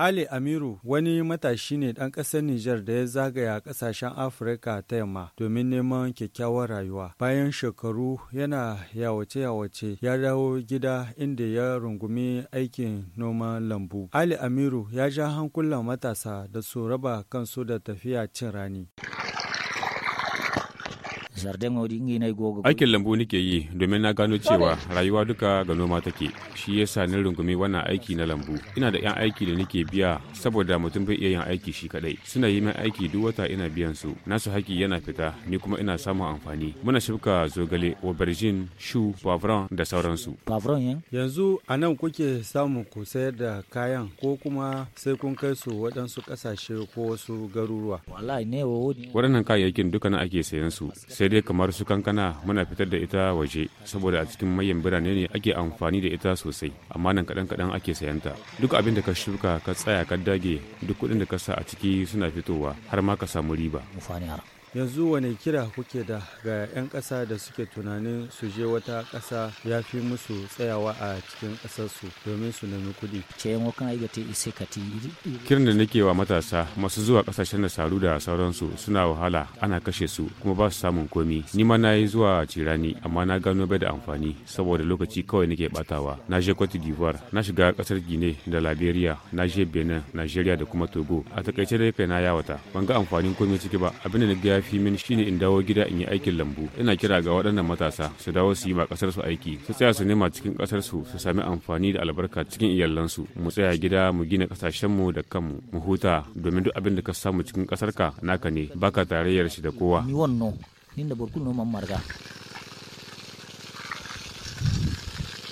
Ali Amiru wani matashi ne ɗan ƙasar Nijar da ya zagaya ƙasashen Afirka ta yamma domin neman kyakkyawar rayuwa. Bayan shekaru yana yawace-yawace ya dawo gida inda ya rungumi aikin noman lambu. Ali Amiru ya ja hankulan matasa da su raba kansu da tafiya cin rani. aikin lambu nake yi domin na gano cewa rayuwa duka ga noma take shi yasa na rungumi wannan aiki na lambu ina da yan aiki da nake biya saboda mutum bai iya yin aiki shi kadai suna yi min aiki duk wata ina biyan su nasu haki yana fita ni kuma ina samun amfani muna shuka zogale aubergine shu poivron da sauransu eh? yanzu anan kuke samun ku sayar da kayan ko kuma sai kun kai su waɗansu ƙasashe ko wasu garuruwa waɗannan kayayyakin duka ake sayan su sai sai kamar su kankana muna fitar da ita waje saboda a cikin manyan birane ne ake amfani da ita sosai amma nan kadan kaɗan ake sayanta duk abin da ka shuka ka tsaya ka dage duk kudin da ka sa a ciki suna fitowa har ma ka samu riba yanzu wane kira kuke da ga 'yan ƙasa da suke tunanin su je wata kasa ya fi musu tsayawa a cikin kasarsu domin su nemi kuɗi kiran da nake wa matasa masu zuwa ƙasashen da saru da sauransu suna wahala ana kashe su kuma ba su samun komi ni ma na yi zuwa cirani amma na gano bai da amfani saboda lokaci kawai nake batawa na je cote d'ivoire na shiga ƙasar gine da liberia na je benin nigeria da kuma togo a takaice dai kai na yawata ban ga amfanin komi ciki ba abin da na fi min shine in dawo gida in yi aikin lambu ina kira ga waɗannan matasa su dawo su yi ma ƙasar su aiki su tsaya su nema cikin ƙasar su su sami amfani da albarka cikin iyalansu mu tsaya gida mu gina ƙasashen mu da kanmu mu huta domin duk abin da ka samu cikin ƙasar ka naka ne baka tarayyar shi da kowa ni wannan ni da marga